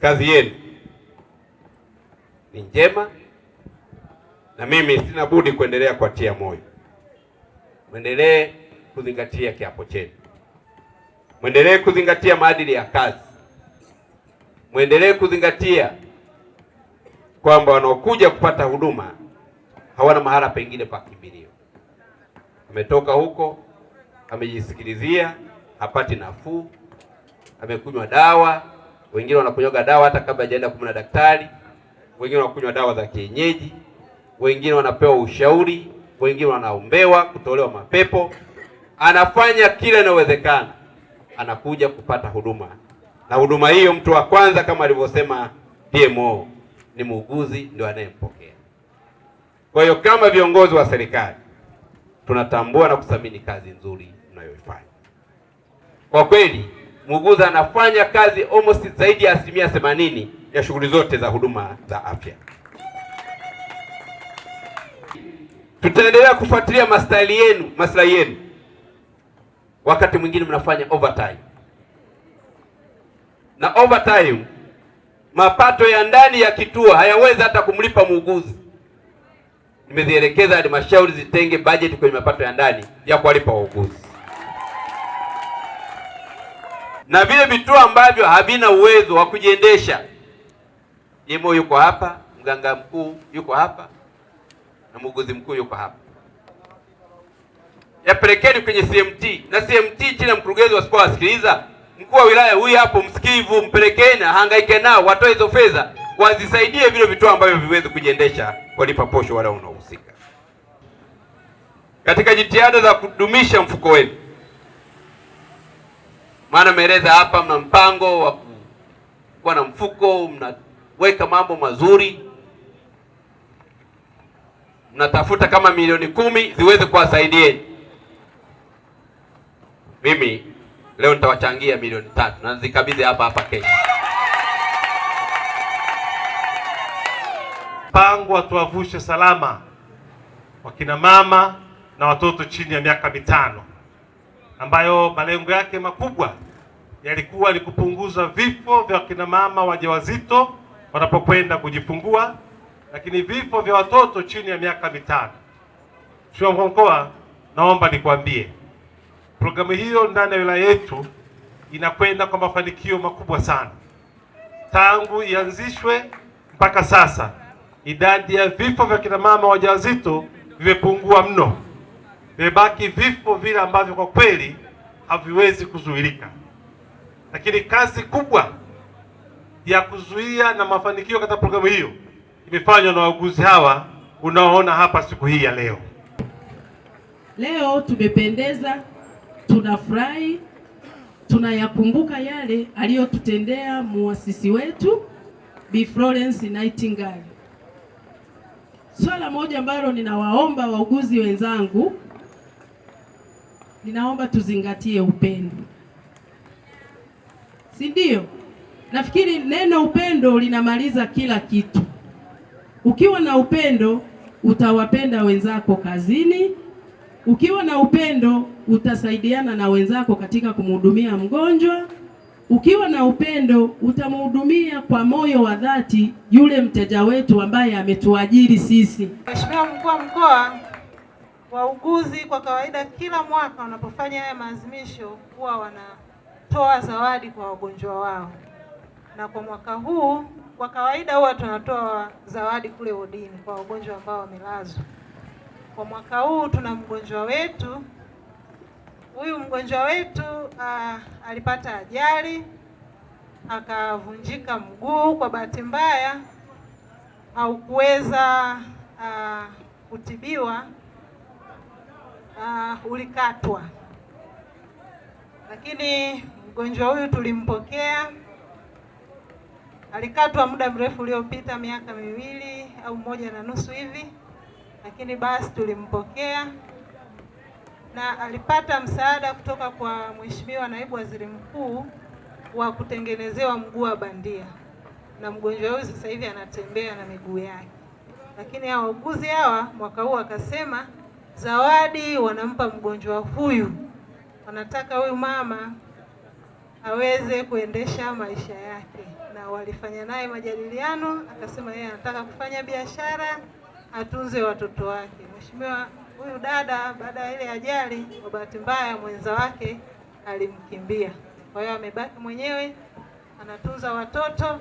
kazi yenu ni njema, na mimi sina budi kuendelea kuwatia moyo, mwendelee kuzingatia kiapo chenu, mwendelee kuzingatia maadili ya kazi, mwendelee kuzingatia kwamba wanaokuja kupata huduma hawana mahala pengine pa kimbilio. Ametoka huko amejisikilizia, hapati nafuu, amekunywa dawa wengine wanakunywaga dawa hata kabla hajaenda kumuona daktari, wengine wanakunywa dawa za kienyeji, wengine wanapewa ushauri, wengine wanaombewa, kutolewa mapepo. Anafanya kila inawezekana, anakuja kupata huduma, na huduma hiyo, mtu wa kwanza kama alivyosema DMO ni muuguzi, ndio anayempokea. Kwa hiyo kama viongozi wa serikali tunatambua na kuthamini kazi nzuri mnayoifanya kwa kweli muuguzi anafanya kazi almost zaidi ya asilimia themanini ya shughuli zote za huduma za afya. Tutaendelea kufuatilia maslahi yenu, maslahi yenu. Wakati mwingine mnafanya overtime na overtime, mapato ya ndani ya kituo hayawezi hata kumlipa muuguzi. Nimezielekeza halmashauri zitenge bajeti kwenye mapato ya ndani ya kuwalipa wauguzi na vile vituo ambavyo havina uwezo wa kujiendesha. Imo yuko hapa, mganga mkuu yuko hapa na muuguzi mkuu yuko hapa, yapelekeni kwenye CMT na CMT chini ya mkurugenzi wa wasipoa wasikiliza. Mkuu wa wilaya huyu hapo msikivu, mpelekeni ahangaike nao, watoe hizo fedha wazisaidie vile vituo ambavyo viwezi kujiendesha, walipa posho wala unahusika katika jitihada za kudumisha mfuko wenu maana ameeleza hapa, mna mpango wa kuwa na mfuko, mnaweka mambo mazuri, mnatafuta kama milioni kumi ziweze kuwasaidieni. Mimi leo nitawachangia milioni tatu na nizikabidhi hapa hapa kesho. Mpango tuwavushe salama wakina mama na watoto chini ya miaka mitano ambayo malengo yake makubwa yalikuwa ni kupunguza vifo vya kina mama wajawazito wanapokwenda kujifungua, lakini vifo vya watoto chini ya miaka mitano. Mheshimiwa Mkoa, naomba nikwambie programu hiyo ndani ya wilaya yetu inakwenda kwa mafanikio makubwa sana. Tangu ianzishwe mpaka sasa idadi ya vifo vya kina mama wajawazito vimepungua mno vimebaki vifo vile ambavyo kwa kweli haviwezi kuzuilika, lakini kazi kubwa ya kuzuia na mafanikio katika programu hiyo imefanywa na wauguzi hawa unaoona hapa siku hii ya leo. Leo tumependeza, tunafurahi, tunayakumbuka yale aliyotutendea muasisi wetu Bi Florence Nightingale. Swala moja ambalo ninawaomba wauguzi wenzangu ninaomba tuzingatie upendo, si ndio? Nafikiri neno upendo linamaliza kila kitu. Ukiwa na upendo utawapenda wenzako kazini, ukiwa na upendo utasaidiana na wenzako katika kumhudumia mgonjwa, ukiwa na upendo utamhudumia kwa moyo wa dhati yule mteja wetu ambaye ametuajiri sisi. Mheshimiwa Mkuu wa Mkoa Wauguzi kwa kawaida kila mwaka wanapofanya haya maazimisho huwa wanatoa zawadi kwa wagonjwa wao, na kwa mwaka huu kwa kawaida huwa tunatoa zawadi kule wodini kwa wagonjwa ambao wamelazwa. Kwa mwaka huu tuna mgonjwa wetu, huyu mgonjwa wetu aa, ah, alipata ajali akavunjika mguu. Kwa bahati mbaya haukuweza ah, kutibiwa uh, ulikatwa, lakini mgonjwa huyu tulimpokea, alikatwa muda mrefu uliopita, miaka miwili au moja na nusu hivi, lakini basi tulimpokea na alipata msaada kutoka kwa Mheshimiwa Naibu Waziri Mkuu wa kutengenezewa mguu wa bandia, na mgonjwa huyu sasa hivi anatembea na miguu yake. Lakini hao wauguzi hawa mwaka huu wakasema zawadi wanampa mgonjwa huyu, wanataka huyu mama aweze kuendesha maisha yake, na walifanya naye majadiliano, akasema yeye anataka kufanya biashara, atunze watoto wake. Mheshimiwa, huyu dada baada ya ile ajali, kwa bahati mbaya mwenza wake alimkimbia, kwa hiyo amebaki mwenyewe anatunza watoto,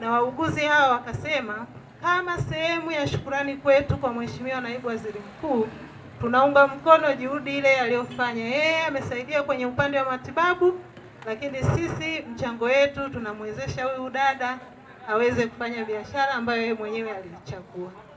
na wauguzi hao wakasema kama sehemu ya shukurani kwetu kwa Mheshimiwa Naibu Waziri Mkuu Tunaunga mkono juhudi ile aliyofanya yeye, amesaidia kwenye upande wa matibabu, lakini sisi mchango wetu tunamwezesha huyu dada aweze kufanya biashara ambayo yeye mwenyewe aliichagua.